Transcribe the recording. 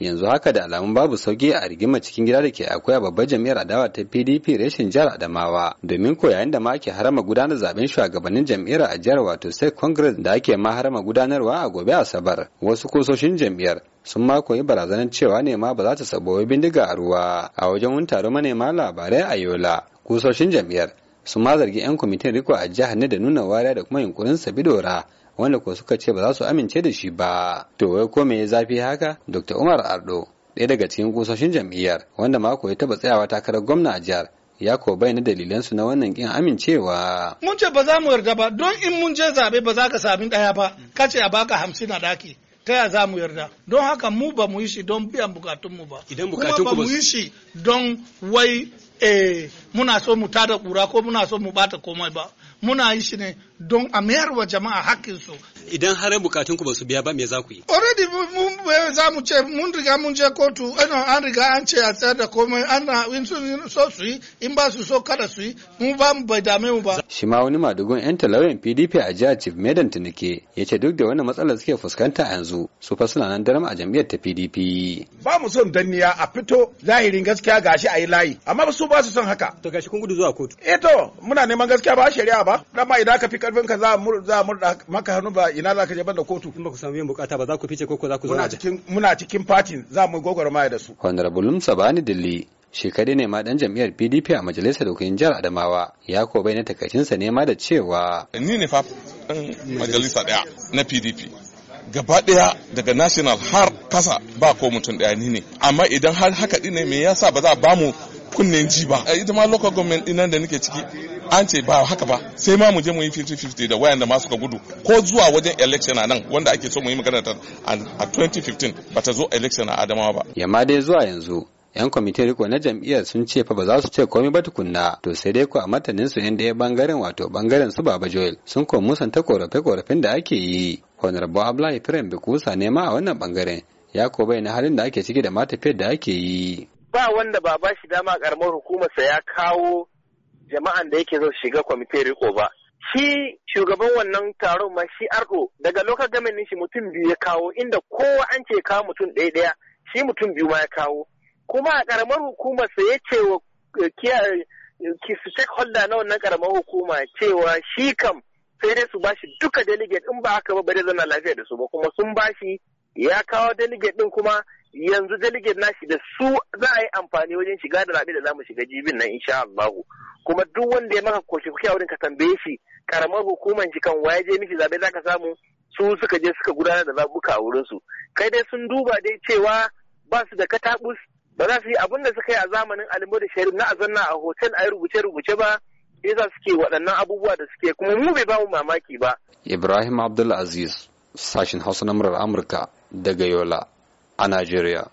yanzu haka da alamun babu sauki a rigima cikin gida da ke akwai a babbar jam'iyyar adawa ta pdp reshen jihar adamawa domin ko yayin da ma ake harama gudanar zaben shugabannin jam'iyyar a jihar wato state congress da ake ma harama gudanarwa a gobe asabar wasu kusoshin jam'iyyar sun ma koyi barazanar cewa ne ma ba za ta saboyi bindiga a ruwa a wajen wani taro manema labarai a yola kusoshin jam'iyyar sun ma zargi 'yan kwamitin riko a jihar ne da nuna wariya da kuma yunkurin sabidora wanda ko suka ce ba za su amince da shi ba to wai ko me zafi haka dr umar ardo ɗaya daga cikin kusoshin jam'iyyar wanda mako ya taba tsayawa takarar gwamna a jihar ya ko bayyana dalilansu na wannan kin amincewa. Mun ce ba za mu yarda ba don in mun je zaɓe ba za ka sami ɗaya ba kace a baka hamsin a ɗaki. ta ya za mu yarda don haka mu ba mu yi shi don biyan bukatunmu ba idan bukatun ba mu yi shi don wai eh, muna so mu tada kura ko muna so mu bata komai ba muna yi shi ne don a mayar wa jama'a hakkinsu. Idan har bukatunku ba su biya ba me za ku yi? Already mun za mu ce mun riga mun je kotu eh, an riga an ce a tsayar da komai ana in sun so su yi in ba su so kada su yi mu ba mu bai dame mu ba. Shi ma wani madugun 'yan talauyan PDP a jihar Chief Medan Tinike ya ce duk da wani matsalar suke fuskanta yanzu su fa suna nan daram a jam'iyyar ta PDP. Ba mu son danniya a fito zahirin gaskiya gashi a yi layi amma su ba su son haka. To gashi kun gudu zuwa kotu. Eh to muna neman gaskiya ba shari'a ba ma idan ka fi karfin ka za a murda maka hannu ba ina za ka je da kotu in ba ku samu yin bukata ba za ku fice ko za ku zauna muna cikin fatin za mu gogoro gwagwarmaya da su honorable Sabani Dilli shekaru ne ma dan jam'iyyar PDP a majalisar dokokin jihar Adamawa ya ko na takaicinsa ne ma da cewa ni ne fa majalisa daya na PDP gaba daya daga national har kasa ba ko mutum daya ni ne amma idan har haka ne me yasa ba za a bamu kunnen ji ba eh, ita ma local government nan da nake ciki an ce ba haka ba sai ma mu je mu yi 50-50 da wayan da masu ka gudu ko zuwa wajen election a nan wanda ake so mu yi magana a 2015 ba ta zo election a adamawa ba yamma dai zuwa yanzu yan kwamitin riko na jam'iyyar sun ce fa ba za su ce komai ba tukunna to sai dai ku a matanin su yan daya bangaren wato bangaren su baba joel sun ko musanta korafe korafen da ake yi honorable abdullahi firan bikusa ne ma a wannan bangaren ya ko na halin da ake ciki da matafiyar da ake yi ba wanda ba ba shi dama karamar hukumarsa ya kawo jama'an da yake zo shiga kwamitin riko ba shi shugaban wannan taron ma shi arko daga local gamanin shi mutum biyu ya kawo inda kowa an ce kawo mutum ɗaya ɗaya shi mutum biyu ma ya kawo kuma a karamar hukumar sa ya ce wa eh, eh, stakeholder na wannan karamar hukuma cewa shi kam sai dai su bashi duka delegate in ba haka ba ba zai zana lafiya da su ba kuma sun bashi ya kawo delegate din kuma yanzu delegate nashi da su za a yi amfani wajen shiga da rabi da za mu shiga jibin nan insha Allahu kuma duk wanda ya maka koke kuke a wurin ka tambaye shi karamar hukumar shi kan waye je miki zaɓe zaka samu su suka je suka gudanar da zabuka a wurin su kai dai sun duba dai cewa ba su da katabus ba za su yi abin da suka yi a zamanin alimo da sharif na azanna a hotel a rubuce-rubuce ba za suke waɗannan abubuwa da suke kuma mu bai bamu mamaki ba ibrahim abdulaziz sashin hausa na murar amurka daga yola a Najeriya.